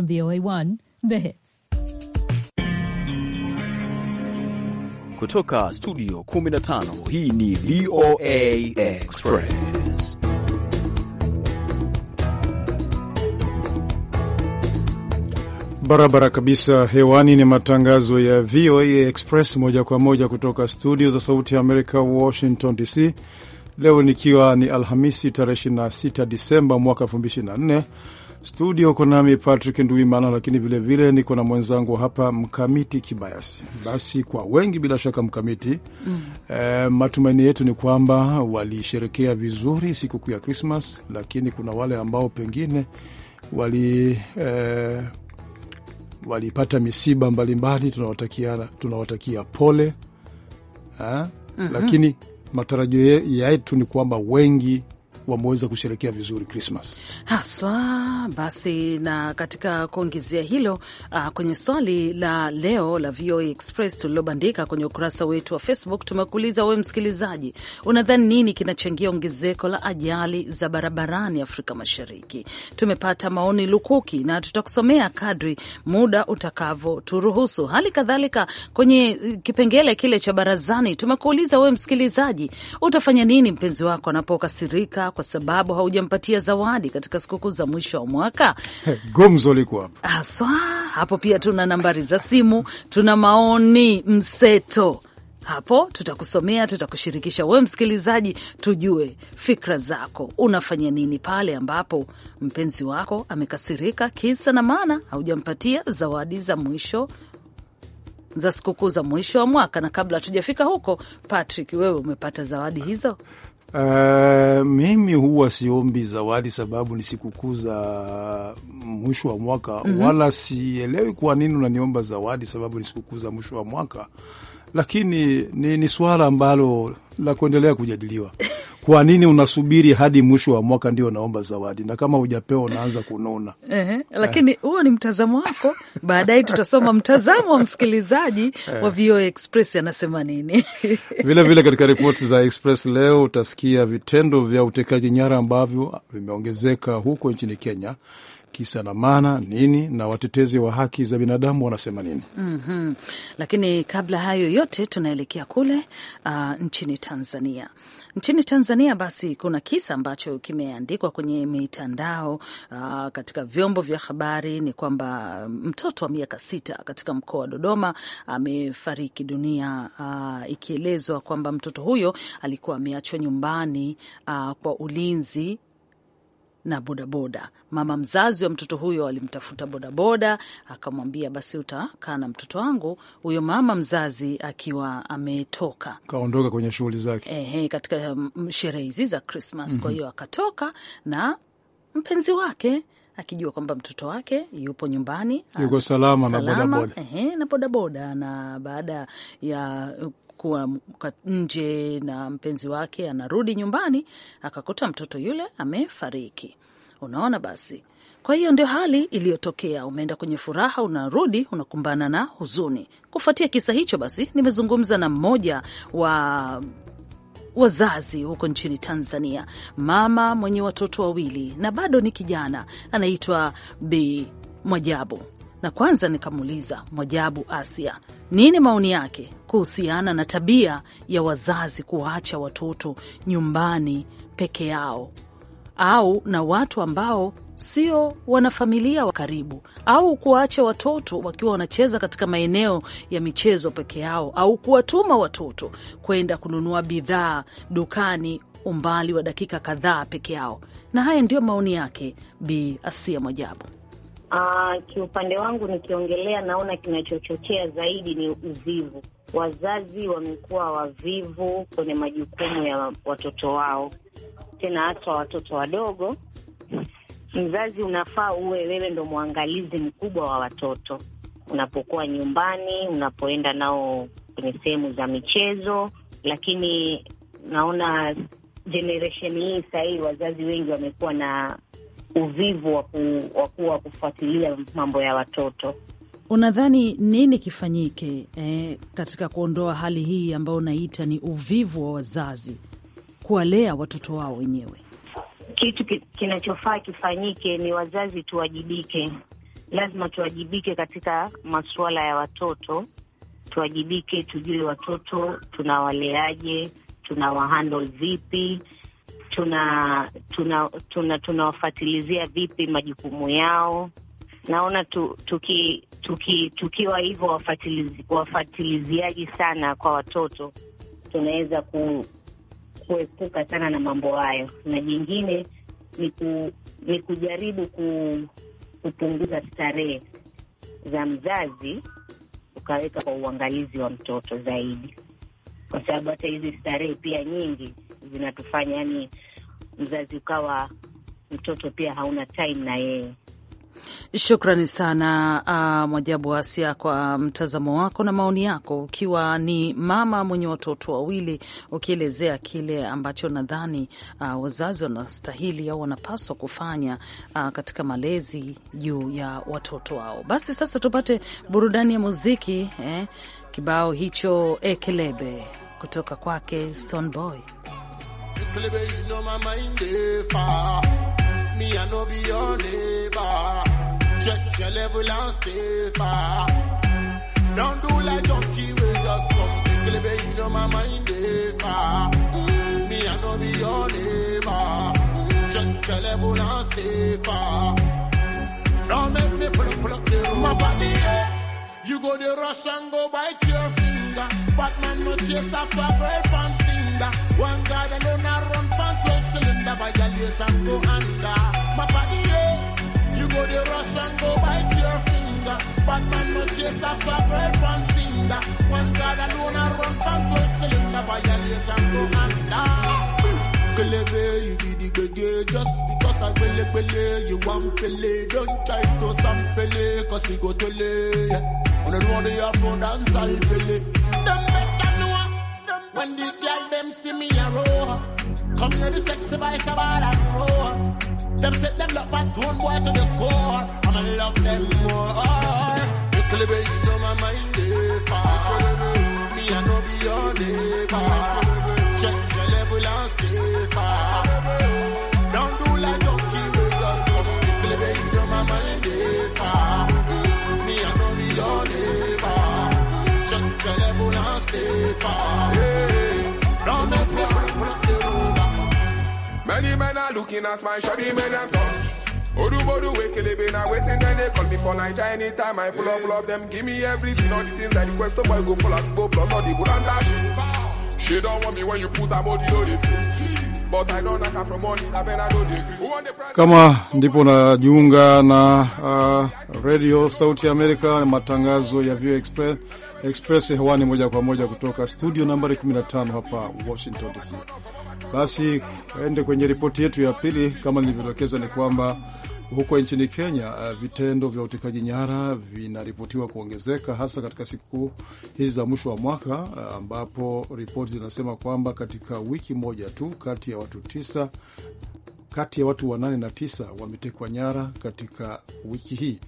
From VOA1 The Hits. Kutoka studio 15 hii ni VOA Express. Barabara kabisa hewani ni matangazo ya VOA Express moja kwa moja kutoka studio za sauti ya Amerika, Washington DC. Leo nikiwa ni Alhamisi tarehe 26 Disemba mwaka 2024 Studio uko nami Patrick Nduimana, lakini vilevile niko na mwenzangu hapa Mkamiti Kibayasi. Basi kwa wengi bila shaka Mkamiti, mm. E, matumaini yetu ni kwamba walisherekea vizuri sikukuu ya Krismas, lakini kuna wale ambao pengine wali e, walipata misiba mbalimbali. Tunawatakia, tunawatakia pole ha? Eh? Mm -hmm. Lakini matarajio yetu ni kwamba wengi wameweza kusherekea vizuri Krismas haswa. Basi na katika kuongezea hilo uh, kwenye swali la leo la VOA Express tulilobandika kwenye ukurasa wetu wa Facebook tumekuuliza wewe msikilizaji, unadhani nini kinachangia ongezeko la ajali za barabarani Afrika Mashariki? Tumepata maoni lukuki na tutakusomea kadri muda utakavyoturuhusu. Hali kadhalika kwenye kipengele kile cha barazani tumekuuliza wewe msikilizaji, utafanya nini mpenzi wako anapokasirika kwa sababu haujampatia zawadi katika sikukuu za mwisho wa mwaka. Gumzo liko hapo haswa. Hapo pia tuna nambari za simu, tuna maoni mseto hapo tutakusomea, tutakushirikisha wewe msikilizaji, tujue fikra zako. Unafanya nini pale ambapo mpenzi wako amekasirika kisa na maana haujampatia zawadi za mwisho za sikukuu za mwisho wa mwaka? Na kabla hatujafika huko, Patrick, wewe umepata zawadi hizo? Uh, mimi huwa siombi zawadi sababu ni sikukuu za mwisho wa mwaka mm -hmm. Wala sielewi kwa nini unaniomba zawadi sababu ni sikukuu za mwisho wa mwaka, lakini ni, ni swala ambalo la kuendelea kujadiliwa Kwa nini unasubiri hadi mwisho wa mwaka ndio unaomba zawadi, na kama hujapewa unaanza kununa? Ehe, lakini huo ni mtazamo wako. Baadaye tutasoma mtazamo wa msikilizaji wa eh. VOA Express anasema nini. Vilevile vile katika ripoti za Express leo utasikia vitendo vya utekaji nyara ambavyo vimeongezeka huko nchini Kenya kisa na maana nini, na watetezi wa haki za binadamu wanasema nini? mm -hmm. Lakini kabla hayo yote tunaelekea kule uh, nchini Tanzania. Nchini Tanzania basi kuna kisa ambacho kimeandikwa kwenye mitandao uh, katika vyombo vya habari ni kwamba mtoto wa miaka sita katika mkoa wa Dodoma amefariki dunia, uh, ikielezwa kwamba mtoto huyo alikuwa ameachwa nyumbani uh, kwa ulinzi na bodaboda. Mama mzazi wa mtoto huyo alimtafuta bodaboda, akamwambia basi utakaa na mtoto wangu. Huyo mama mzazi akiwa ametoka kaondoka kwenye shughuli zake, ehe, katika um, sherehe hizi za Krismas. Mm -hmm. Kwa mhm. hiyo akatoka na mpenzi wake akijua kwamba mtoto wake yupo nyumbani, yuko salama, ah, salama na bodaboda, ehe, na bodaboda. Na baada ya kuwa nje na mpenzi wake, anarudi nyumbani akakuta mtoto yule amefariki. Unaona, basi kwa hiyo ndio hali iliyotokea. Umeenda kwenye furaha, unarudi unakumbana na huzuni. Kufuatia kisa hicho, basi nimezungumza na mmoja wa wazazi huko nchini Tanzania, mama mwenye watoto wawili na bado ni kijana, anaitwa Bi Mwajabu na kwanza nikamuuliza Mwajabu Asia nini maoni yake kuhusiana na tabia ya wazazi kuwaacha watoto nyumbani peke yao au na watu ambao sio wanafamilia wa karibu, au kuwaacha watoto wakiwa wanacheza katika maeneo ya michezo peke yao, au kuwatuma watoto kwenda kununua bidhaa dukani umbali wa dakika kadhaa peke yao. Na haya ndiyo maoni yake Bi Asia Mwajabu. Uh, kiupande wangu nikiongelea, naona kinachochochea zaidi ni uvivu. Wazazi wamekuwa wavivu kwenye majukumu ya watoto wao, tena hata watoto wadogo. Mzazi unafaa uwe wewe ndo mwangalizi mkubwa wa watoto unapokuwa nyumbani, unapoenda nao kwenye sehemu za michezo, lakini naona generation hii sahii wazazi wengi wamekuwa na uvivu wa kuwa kufuatilia mambo ya watoto. Unadhani nini kifanyike eh, katika kuondoa hali hii ambayo unaita ni uvivu wa wazazi kuwalea watoto wao wenyewe? Kitu kinachofaa kifanyike ni wazazi tuwajibike, lazima tuwajibike katika masuala ya watoto, tuwajibike, tujue watoto tunawaleaje, tunawahandle vipi tunawafatilizia tuna, tuna, tuna vipi majukumu yao. Naona tu, tuki, tuki, tukiwa hivyo wafatiliziaji sana kwa watoto tunaweza ku, kuepuka sana na mambo hayo, na jingine ni, ku, ni kujaribu ku, kupunguza starehe za mzazi ukaweka kwa uangalizi wa mtoto zaidi, kwa sababu hata hizi starehe pia nyingi zinatufanya yani mzazi ukawa mtoto pia hauna time na yeye. Shukrani sana uh, Mwajabu Asia kwa mtazamo wako na maoni yako, ukiwa ni mama mwenye watoto wawili, ukielezea kile ambacho nadhani uh, wazazi wanastahili au wanapaswa kufanya uh, katika malezi juu ya watoto wao. Basi sasa tupate burudani ya muziki eh, kibao hicho Ekelebe kutoka kwake Stone Boy. Little baby, you know my mind they far. Me, I know be your neighbor. Check your level and stay far. Don't do like junkie, we just come. Little baby, you know my mind they far. Me, I know be your neighbor. Check your level and stay far. Don't make me pull up, pull up, pull up my body. Yeah. You go the rush and go bite your finger. Batman no chase after girl panty cylinder. One guy alone do run from 12 cylinder. By your late and go under. My body, yeah. You go the rush and go bite your finger. But man, no chase after bread from Tinder. One guy alone do run from 12 cylinder. By your late and go under. Kelebe, you be the gege Just because I wele wele, you want pele Don't try to sample, cause you go tele yeah. On the road, you have no dance, I'll pele when the girl them see me a row, come here the sexy boy Shabal and row. Them set them love as stone boy to the core. I'ma love them more. Little baby, you know my mind is far. Me I know be your neighbor. Check your level and stay far. men are looking at my shoddy men and touch. Odu bodu wekele be na waiting then they call me for night anytime I pull up, pull up them give me everything all the things I request to oh boy go full as go plus all the good and that shit. She don't want me when you put her body on the floor. Kama ndipo najiunga na uh, radio Sauti ya Amerika, matangazo ya VOA Express Express hewani moja kwa moja kutoka studio nambari 15 hapa Washington DC. Basi ende kwenye ripoti yetu ya pili. Kama nilivyodokeza, ni kwamba huko nchini Kenya eh, vitendo vya utekaji nyara vinaripotiwa kuongezeka hasa katika siku hizi za mwisho wa mwaka, eh, ambapo ripoti zinasema kwamba katika wiki moja tu kati ya watu tisa kati ya watu wanane na tisa wametekwa nyara katika wiki hii,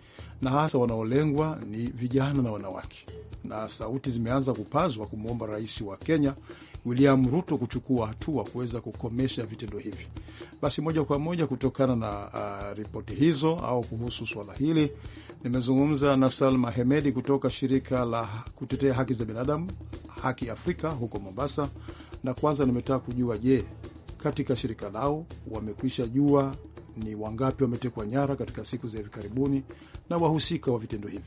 na hasa wanaolengwa ni vijana na wanawake. Na sauti zimeanza kupazwa kumwomba rais wa Kenya William Ruto kuchukua hatua kuweza kukomesha vitendo hivi. Basi moja kwa moja kutokana na uh, ripoti hizo au kuhusu swala hili nimezungumza na Salma Hemedi kutoka shirika la kutetea haki za binadamu Haki Afrika huko Mombasa, na kwanza nimetaka kujua, je, katika shirika lao wamekwisha jua ni wangapi wametekwa nyara katika siku za hivi karibuni na wahusika wa vitendo hivi?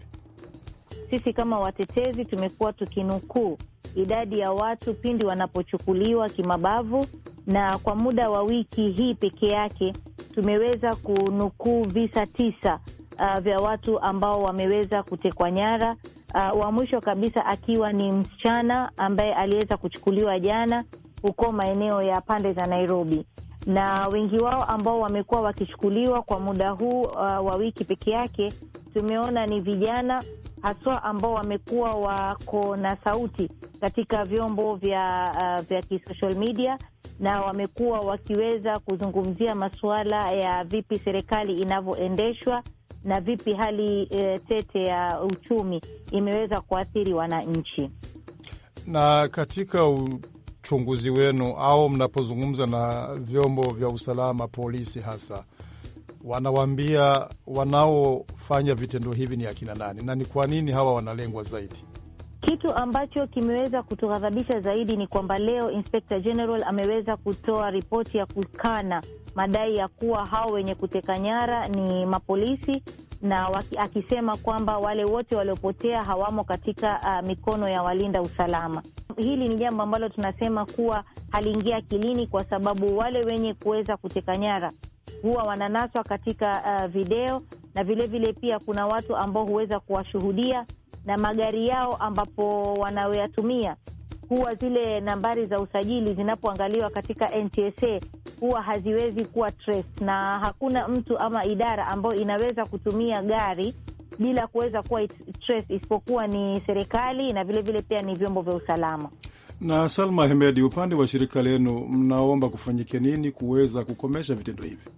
sisi kama watetezi tumekuwa tukinukuu idadi ya watu pindi wanapochukuliwa kimabavu, na kwa muda wa wiki hii peke yake tumeweza kunukuu visa tisa uh, vya watu ambao wameweza kutekwa nyara. Uh, wa mwisho kabisa akiwa ni msichana ambaye aliweza kuchukuliwa jana huko maeneo ya pande za Nairobi, na wengi wao ambao wamekuwa wakichukuliwa kwa muda huu uh, wa wiki peke yake tumeona ni vijana haswa ambao wamekuwa wako na sauti katika vyombo vya, uh, vya kisocial media na wamekuwa wakiweza kuzungumzia masuala ya vipi serikali inavyoendeshwa na vipi hali uh, tete ya uchumi imeweza kuathiri wananchi. Na katika uchunguzi wenu au mnapozungumza na vyombo vya usalama, polisi hasa wanawaambia wanaofanya vitendo hivi ni akina nani na ni kwa nini hawa wanalengwa zaidi? Kitu ambacho kimeweza kutughadhabisha zaidi ni kwamba leo Inspector General ameweza kutoa ripoti ya kukana madai ya kuwa hao wenye kuteka nyara ni mapolisi na waki, akisema kwamba wale wote waliopotea hawamo katika uh, mikono ya walinda usalama. Hili ni jambo ambalo tunasema kuwa haliingia kilini kwa sababu wale wenye kuweza kuteka nyara huwa wananaswa katika uh, video na vilevile vile pia kuna watu ambao huweza kuwashuhudia na magari yao ambapo wanayoyatumia huwa zile nambari za usajili zinapoangaliwa katika NTSA huwa haziwezi kuwa trace, na hakuna mtu ama idara ambayo inaweza kutumia gari bila kuweza kuwa trace, isipokuwa ni serikali na vilevile vile pia ni vyombo vya usalama. Na Salma Hemedi, upande wa shirika lenu mnaomba kufanyikia nini kuweza kukomesha vitendo hivi?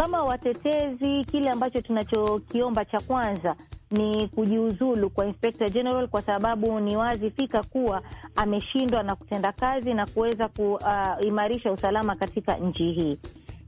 Kama watetezi, kile ambacho tunachokiomba cha kwanza ni kujiuzulu kwa Inspector General kwa sababu ni wazi fika kuwa ameshindwa na kutenda kazi na kuweza kuimarisha uh, usalama katika nchi hii.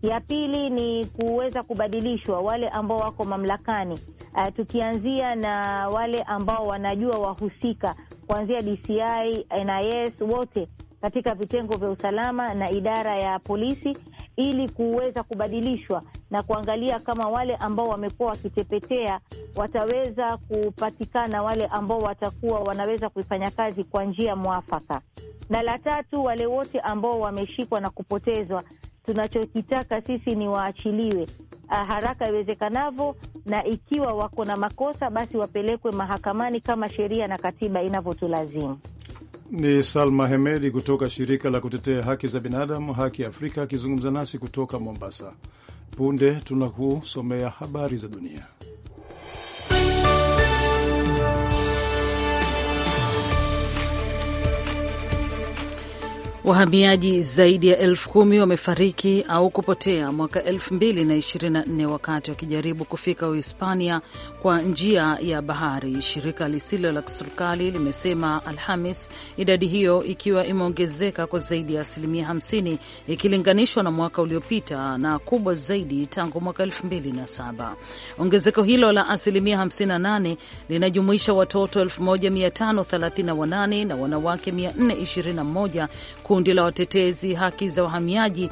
Ya pili ni kuweza kubadilishwa wale ambao wako mamlakani, uh, tukianzia na wale ambao wanajua wahusika kuanzia DCI, NIS wote katika vitengo vya usalama na idara ya polisi ili kuweza kubadilishwa na kuangalia kama wale ambao wamekuwa wakitepetea wataweza kupatikana, wale ambao watakuwa wanaweza kuifanya kazi kwa njia mwafaka. Na la tatu, wale wote ambao wameshikwa na kupotezwa, tunachokitaka sisi ni waachiliwe ah, haraka iwezekanavyo, na ikiwa wako na makosa basi wapelekwe mahakamani kama sheria na katiba inavyotulazimu. Ni Salma Hemedi kutoka shirika la kutetea haki za binadamu Haki Afrika akizungumza nasi kutoka Mombasa. Punde tunakusomea habari za dunia. Wahamiaji zaidi ya elfu kumi wamefariki au kupotea mwaka 2024 wakati wakijaribu kufika Uhispania kwa njia ya bahari, shirika lisilo la kiserikali limesema Alhamis, idadi hiyo ikiwa imeongezeka kwa zaidi ya asilimia 50 ikilinganishwa na mwaka uliopita na kubwa zaidi tangu mwaka 2007. Ongezeko hilo la asilimia 58 linajumuisha watoto 1538 na wanawake 421 Kundi la watetezi haki za wahamiaji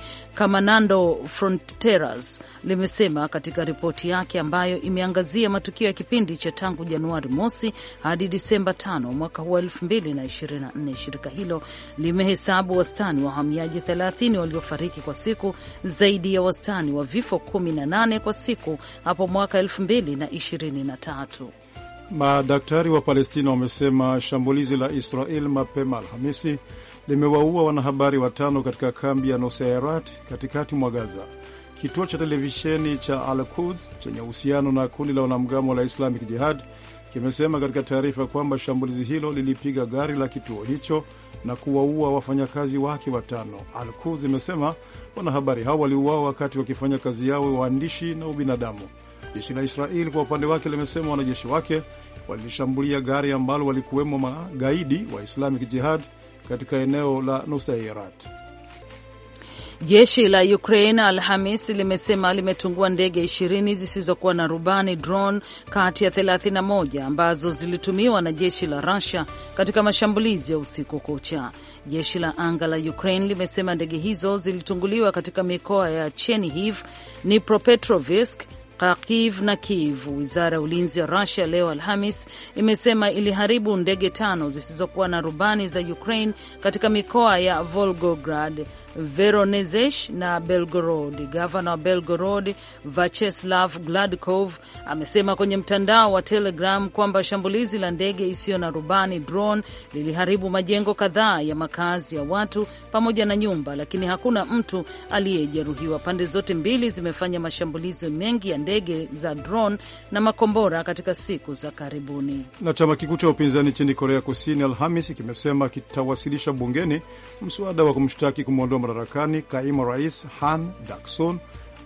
Nando Fronteras limesema katika ripoti yake ambayo imeangazia matukio ya kipindi cha tangu Januari mosi hadi Disemba 5 mwaka huu 224 Shirika hilo limehesabu wastani wa wahamiaji 30 waliofariki kwa siku, zaidi ya wastani wa vifo 18 kwa siku hapo mwaka 223 Madaktari wa Palestina wamesema shambulizi la Israel mapema Alhamisi limewaua wanahabari watano katika kambi ya Nusairat katikati mwa Gaza. Kituo cha televisheni cha Al Quds chenye uhusiano na kundi la wanamgambo la Islamic Jihad kimesema katika taarifa kwamba shambulizi hilo lilipiga gari la kituo hicho na kuwaua wafanyakazi wake watano. Al Quds imesema wanahabari hao waliuawa wakati wakifanya kazi yao waandishi na ubinadamu. Jeshi la Israeli kwa upande wake limesema wanajeshi wake walishambulia gari ambalo walikuwemo magaidi wa Islamic Jihad katika eneo la Nusairat. Jeshi la Ukraine Alhamis limesema limetungua ndege ishirini zisizokuwa na rubani drone, kati ya 31 ambazo zilitumiwa na jeshi la Rusia katika mashambulizi ya usiku kucha. Jeshi la anga la Ukraine limesema ndege hizo zilitunguliwa katika mikoa ya Chernihiv, Dnipropetrovsk, Kharkiv na Kiev. Wizara ya ulinzi ya Rusia leo Alhamis imesema iliharibu ndege tano zisizokuwa na rubani za Ukraine katika mikoa ya Volgograd, Voronezh na Belgorod. Gavana wa Belgorod Vacheslav Gladkov amesema kwenye mtandao wa Telegram kwamba shambulizi la ndege isiyo na rubani drone liliharibu majengo kadhaa ya makazi ya watu pamoja na nyumba, lakini hakuna mtu aliyejeruhiwa. Pande zote mbili zimefanya mashambulizi mengi ya ndege za drone na makombora katika siku za karibuni. Na chama kikuu cha upinzani nchini Korea Kusini Alhamis kimesema kitawasilisha bungeni mswada wa kumshtaki kumwondoa madarakani kaimu rais Han Dakson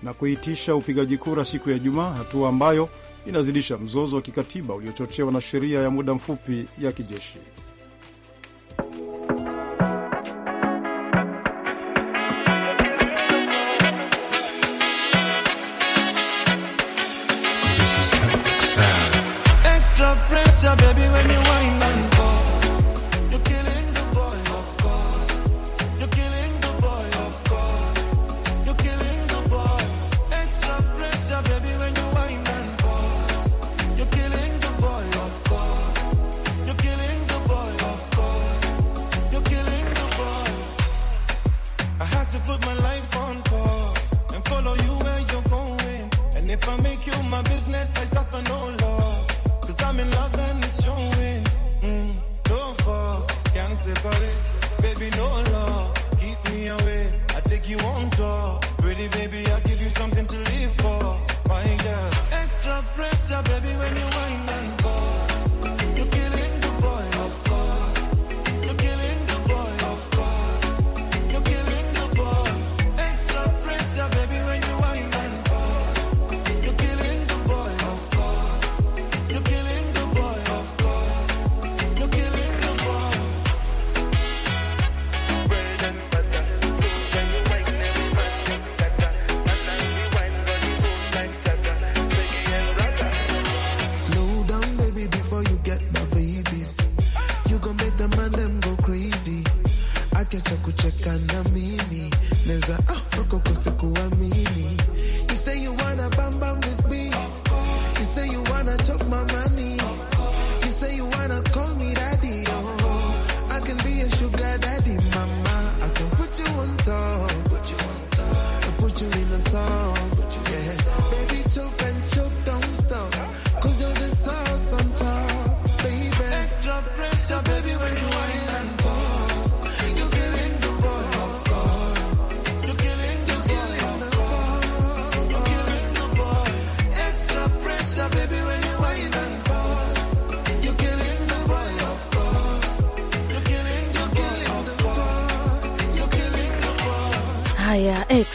na kuitisha upigaji kura siku ya Jumaa, hatua ambayo inazidisha mzozo wa kikatiba uliochochewa na sheria ya muda mfupi ya kijeshi. extra pressure, baby, when you wind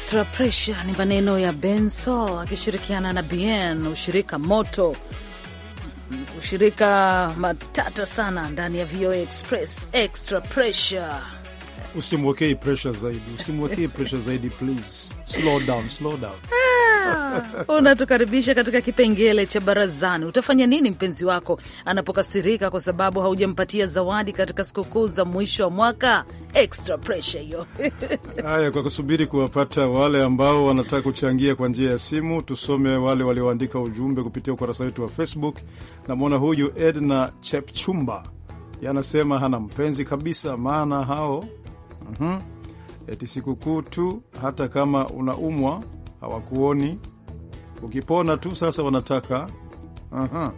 Extra pressure ni maneno ya Sol akishirikiana na bn ushirika moto, ushirika matata sana ndani ya VOA Express. Extra pressure, usimwekei pressure zaidi, usimwekei pressure zaidi please. Slow down, slow down unatukaribisha katika kipengele cha barazani. Utafanya nini mpenzi wako anapokasirika kwa sababu haujampatia zawadi katika sikukuu za mwisho wa mwaka? Extra pressure hiyo. Haya, kwa kusubiri kuwapata wale ambao wanataka kuchangia kwa njia ya simu, tusome wale walioandika ujumbe kupitia ukurasa wetu wa Facebook. Namwona huyu Edna Chepchumba yanasema hana mpenzi kabisa, maana hao mm -hmm. eti sikukuu tu, hata kama unaumwa hawakuoni, ukipona tu sasa wanataka aha.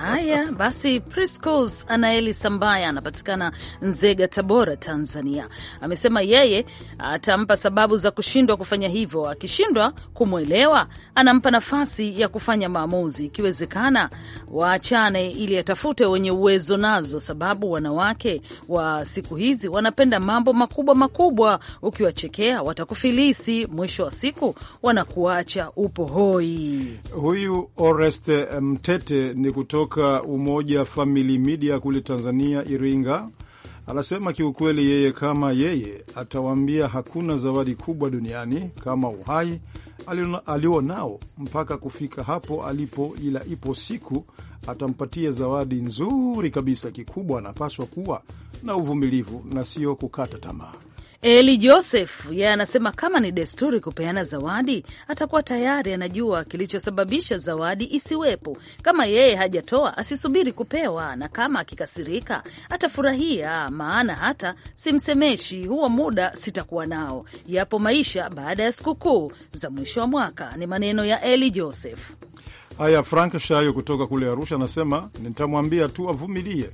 Haya basi, Priscos Anaeli Sambaya anapatikana Nzega, Tabora, Tanzania, amesema yeye atampa sababu za kushindwa kufanya hivyo. Akishindwa kumwelewa, anampa nafasi ya kufanya maamuzi, ikiwezekana waachane, ili atafute wenye uwezo nazo, sababu wanawake wa siku hizi wanapenda mambo makubwa makubwa. Ukiwachekea watakufilisi, mwisho wa siku wanakuacha upo hoi. Huyu Orest Mtete ni kutoka Umoja Family Media kule Tanzania, Iringa. Anasema kiukweli, yeye kama yeye atawaambia hakuna zawadi kubwa duniani kama uhai alio nao mpaka kufika hapo alipo, ila ipo siku atampatia zawadi nzuri kabisa. Kikubwa anapaswa kuwa na uvumilivu na sio kukata tamaa. Eli Joseph yeye anasema kama ni desturi kupeana zawadi, atakuwa tayari anajua kilichosababisha zawadi isiwepo. Kama yeye hajatoa, asisubiri kupewa, na kama akikasirika atafurahia, maana hata simsemeshi, huo muda sitakuwa nao. Yapo maisha baada ya sikukuu za mwisho wa mwaka. Ni maneno ya Eli Joseph. Haya, Frank Shayo kutoka kule Arusha anasema nitamwambia tu avumilie,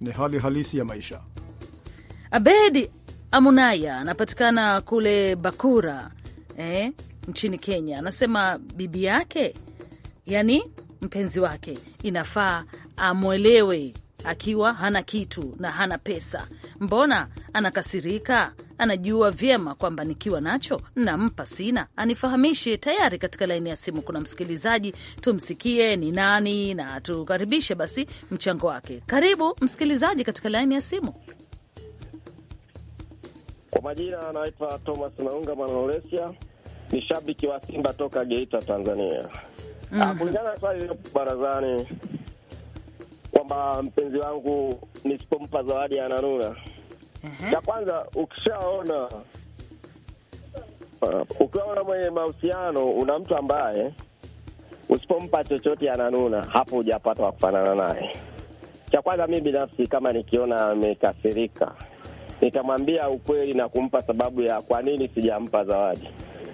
ni hali halisi ya maisha. Abedi Amunaya anapatikana kule Bakura eh, nchini Kenya. Anasema bibi yake, yani mpenzi wake, inafaa amwelewe akiwa hana kitu na hana pesa. Mbona anakasirika? Anajua vyema kwamba nikiwa nacho nampa, sina anifahamishe. Tayari katika laini ya simu kuna msikilizaji, tumsikie ni nani na tukaribishe basi mchango wake. Karibu msikilizaji katika laini ya simu majina anaitwa Thomas Naunga Mwanaolesia, ni shabiki wa Simba toka Geita, Tanzania. mm -hmm. Kulingana na swali lilopo barazani kwamba mpenzi wangu nisipompa zawadi ananuna. mm -hmm. Cha kwanza ukishaona Uh, ah, ukiwaona mwenye mahusiano una mtu ambaye usipompa chochote ananuna, hapo hujapata wa kufanana naye. Cha kwanza mi binafsi, kama nikiona amekasirika, nitamwambia ukweli na kumpa sababu ya kwa nini sijampa zawadi.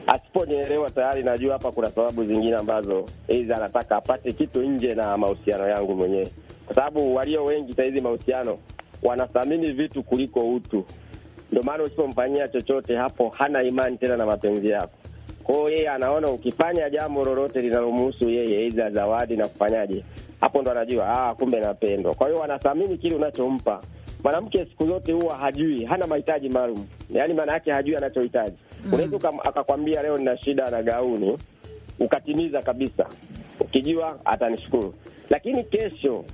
Asiponielewa tayari najua hapa kuna sababu zingine ambazo hizi anataka apate kitu nje na mahusiano yangu mwenyewe, kwa sababu walio wengi sahizi mahusiano wanathamini vitu kuliko utu. Ndio maana usipomfanyia chochote hapo hana imani tena na mapenzi yako. Kwa hiyo yeye anaona ukifanya jambo lolote linalomhusu yeye, iza zawadi na kufanyaje, hapo ndo anajua ah, kumbe napendwa. Kwa hiyo wanathamini kile unachompa Mwanamke siku zote huwa hajui, hana mahitaji maalum, yaani maana yake hajui anachohitaji. Mm. Unaweza akakwambia leo nina shida na gauni, ukatimiza kabisa, ukijua atanishukuru, lakini kesho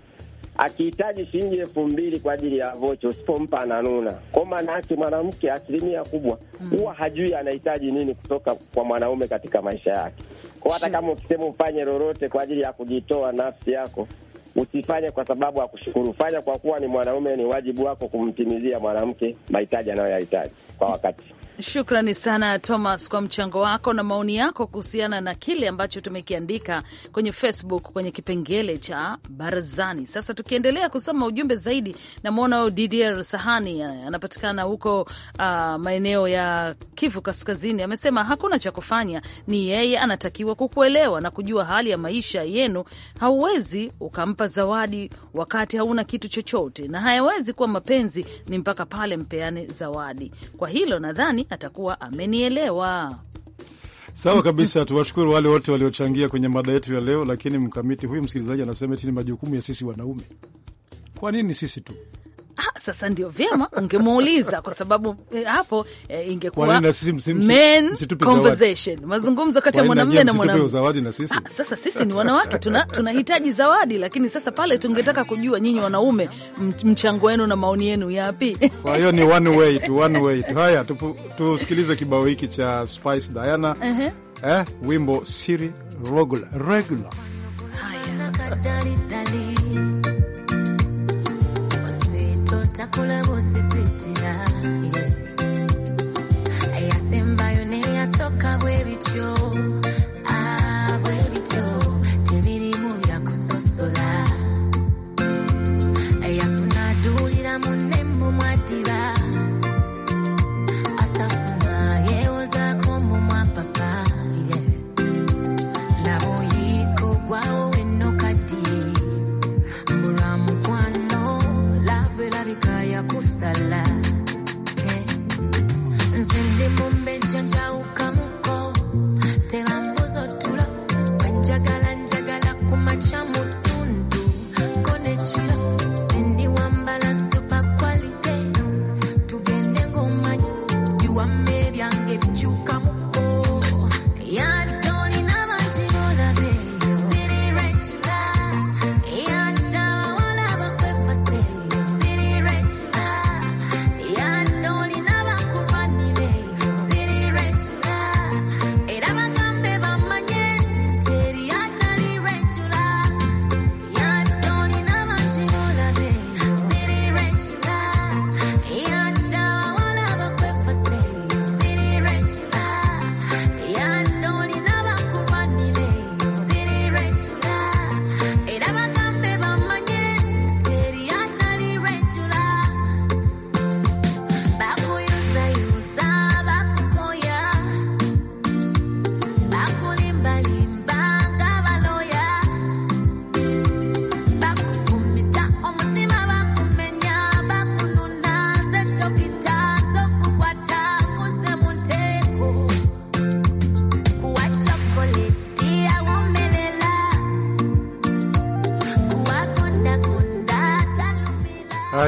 akihitaji shilingi elfu mbili kwa ajili ya vocha, usipompa ananuna. Kwa maana yake mwanamke asilimia kubwa mm. huwa mm. hajui anahitaji nini kutoka kwa mwanaume katika maisha yake. Kwa hata kama ukisema ufanye lolote kwa ajili ya kujitoa nafsi yako usifanye kwa sababu akushukuru. Fanya kwa kuwa ni mwanaume, ni wajibu wako kumtimizia mwanamke mahitaji anayoyahitaji kwa wakati. Shukrani sana Thomas kwa mchango wako na maoni yako kuhusiana na kile ambacho tumekiandika kwenye Facebook kwenye kipengele cha barazani. Sasa tukiendelea kusoma ujumbe zaidi, namwona Didier Sahani eh, anapatikana huko uh, maeneo ya Kivu Kaskazini. Amesema hakuna cha kufanya, ni yeye anatakiwa kukuelewa na kujua hali ya maisha yenu. Hauwezi ukampa zawadi wakati hauna kitu chochote, na hayawezi kuwa mapenzi, ni mpaka pale mpeane zawadi. Kwa hilo nadhani atakuwa amenielewa. Sawa kabisa. Tuwashukuru wale wote waliochangia kwenye mada yetu ya leo. Lakini mkamiti huyu msikilizaji anasema eti ni majukumu ya sisi wanaume. Kwa nini sisi tu? ah, sasa ndio vyema ungemuuliza kwa sababu eh, hapo eh, ingekuwa men conversation, mazungumzo kati ya mwanamume na mwanamke. Ah, sasa sisi ni wanawake tunahitaji tuna zawadi, lakini sasa pale tungetaka kujua nyinyi wanaume mchango wenu na maoni yenu yapi? Kwa hiyo ni one way to one way to. Haya, tusikilize kibao hiki cha Spice Diana uh -huh. eh, wimbo siri regular regular.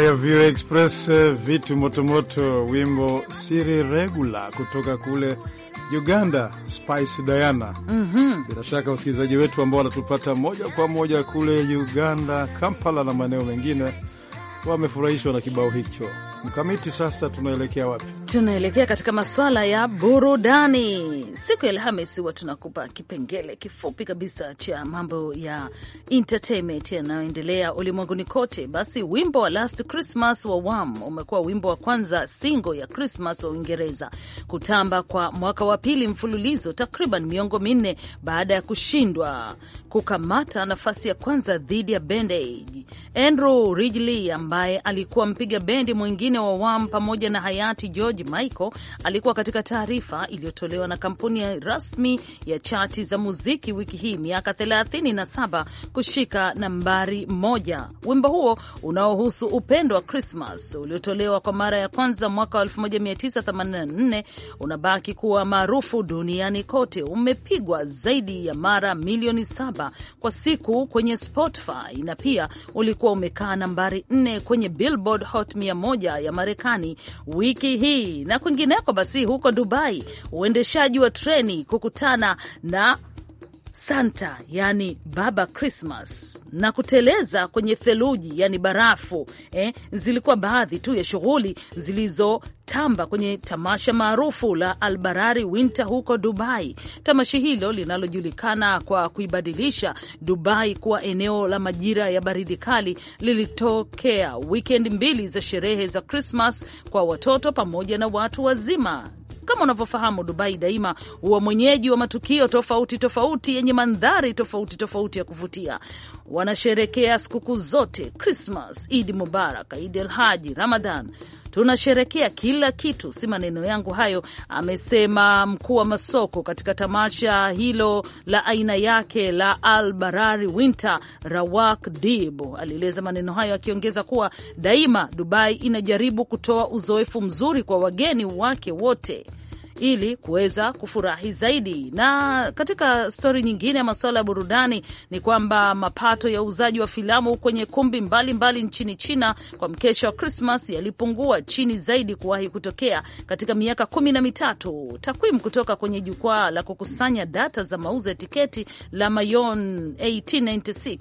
ya VOA Express, eh, vitu motomoto. Wimbo siri regula kutoka kule Uganda, Spice Diana. mm -hmm. Bila shaka wasikilizaji wetu ambao wanatupata moja kwa moja kule Uganda, Kampala na maeneo mengine wamefurahishwa na kibao hicho. Mkamiti, sasa tunaelekea wapi? Tunaelekea katika maswala ya burudani. Siku ya lhamis huwa tunakupa kipengele kifupi kabisa cha mambo ya entertainment yanayoendelea ulimwenguni kote. Basi wimbo wa Last Christmas wa Wham umekuwa wimbo wa kwanza singo ya Christmas wa Uingereza kutamba kwa mwaka wa pili mfululizo, takriban miongo minne baada ya kushindwa kukamata nafasi ya kwanza dhidi ya bendi Andrew Ridgeley ambaye alikuwa mpiga bendi mwingine mwingine wa Wam pamoja na hayati George Michael alikuwa katika taarifa iliyotolewa na kampuni rasmi ya chati za muziki wiki hii, miaka 37 kushika nambari moja. Wimbo huo unaohusu upendo wa Krismas uliotolewa kwa mara ya kwanza mwaka wa 1984 unabaki kuwa maarufu duniani kote, umepigwa zaidi ya mara milioni saba kwa siku kwenye Spotify na pia ulikuwa umekaa nambari 4 kwenye Billboard Hot 100 ya Marekani wiki hii na kwingineko. Basi huko Dubai, uendeshaji wa treni kukutana na Santa yani Baba Christmas na kuteleza kwenye theluji yani barafu eh, zilikuwa baadhi tu ya shughuli zilizotamba kwenye tamasha maarufu la Albarari Winter huko Dubai. Tamasha hilo linalojulikana kwa kuibadilisha Dubai kuwa eneo la majira ya baridi kali lilitokea wikendi mbili za sherehe za Krismas kwa watoto pamoja na watu wazima kama unavyofahamu, Dubai daima huwa mwenyeji wa matukio tofauti tofauti yenye mandhari tofauti tofauti ya kuvutia. Wanasherekea sikukuu zote: Krismas, Idi Mubarak, Idi el Ramadhan tunasherekea kila kitu, si maneno yangu hayo, amesema mkuu wa masoko katika tamasha hilo la aina yake la Al Barari Winter. Rawak Dibo alieleza maneno hayo akiongeza kuwa daima Dubai inajaribu kutoa uzoefu mzuri kwa wageni wake wote ili kuweza kufurahi zaidi. Na katika stori nyingine ya masuala ya burudani ni kwamba mapato ya uuzaji wa filamu kwenye kumbi mbalimbali mbali nchini China kwa mkesha wa Krismas yalipungua chini zaidi kuwahi kutokea katika miaka kumi na mitatu. Takwimu kutoka kwenye jukwaa la kukusanya data za mauzo ya tiketi la Mayon 1896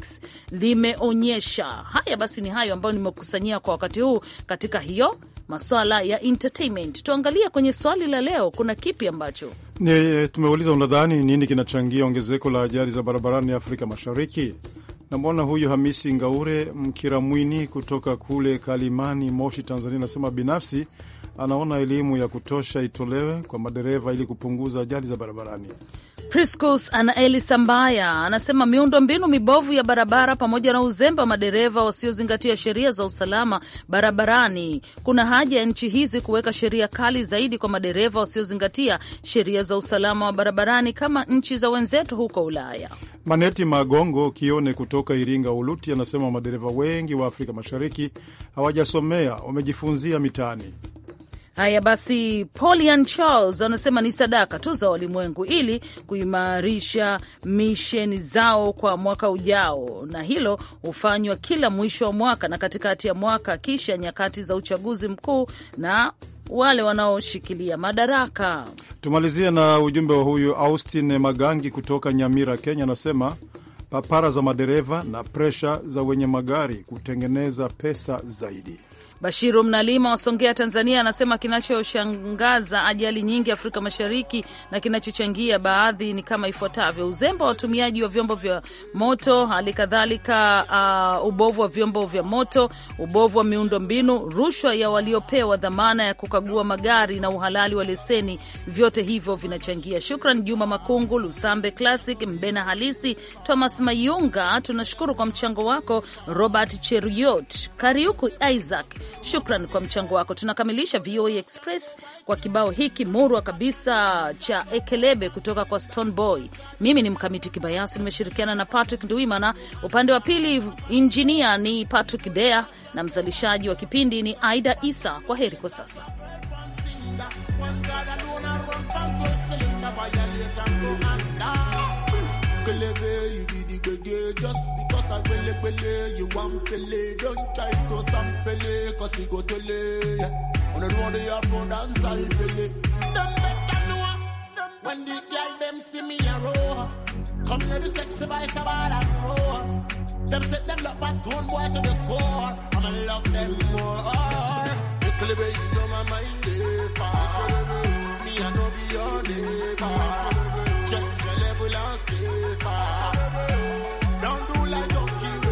limeonyesha haya. Basi ni hayo ambayo nimekusanyia kwa wakati huu katika hiyo maswala ya entertainment. Tuangalie kwenye swali la leo, kuna kipi ambacho tumeuliza? Unadhani nini kinachangia ongezeko la ajali za barabarani Afrika Mashariki? Namwona huyu Hamisi Ngaure Mkiramwini kutoka kule Kalimani, Moshi, Tanzania, anasema binafsi anaona elimu ya kutosha itolewe kwa madereva ili kupunguza ajali za barabarani. Priscus Anaeli Sambaya anasema miundo mbinu mibovu ya barabara pamoja na uzembe wa madereva wasiozingatia sheria za usalama barabarani. Kuna haja ya nchi hizi kuweka sheria kali zaidi kwa madereva wasiozingatia sheria za usalama wa barabarani kama nchi za wenzetu huko Ulaya. Maneti Magongo Kione kutoka Iringa Uluti anasema madereva wengi wa Afrika Mashariki hawajasomea, wamejifunzia mitaani. Haya basi, Polian Charles anasema ni sadaka tu za walimwengu ili kuimarisha misheni zao kwa mwaka ujao, na hilo hufanywa kila mwisho wa mwaka na katikati ya mwaka, kisha nyakati za uchaguzi mkuu na wale wanaoshikilia madaraka. Tumalizie na ujumbe wa huyu Austin Magangi kutoka Nyamira, Kenya, anasema papara za madereva na presha za wenye magari kutengeneza pesa zaidi. Bashiru Mnalima wa Songea, Tanzania, anasema kinachoshangaza ajali nyingi Afrika Mashariki na kinachochangia baadhi ni kama ifuatavyo: uzembe wa watumiaji wa vyombo vya moto, hali kadhalika uh, ubovu wa vyombo vya moto, ubovu wa miundo mbinu rushwa ya waliopewa dhamana ya kukagua magari na uhalali wa leseni, vyote hivyo vinachangia. Shukran Juma Makungu, Lusambe Classic, Mbena Halisi, Thomas Mayunga, tunashukuru kwa mchango wako. Robert cheruyot Kariuku, Isaac Shukran kwa mchango wako. Tunakamilisha VOA e Express kwa kibao hiki murwa kabisa cha Ekelebe kutoka kwa Stone Boy. Mimi ni Mkamiti Kibayasi, nimeshirikiana na Patrick ndwimana Upande wa pili injinia ni Patrick Dea na mzalishaji wa kipindi ni Aida Isa. Kwa heri kwa sasa. a wele wele, you want pele. Don't try to sample cause he go to lay. On the road you have to dance all pele. Them better know, when the girl them see me a row. Come here the sexy boy, so all I roll. Them set them love as stone boy to the core. I'ma love them more. Little baby, you know my mind, they far. Me, I know be your neighbor. Check your level and stay far.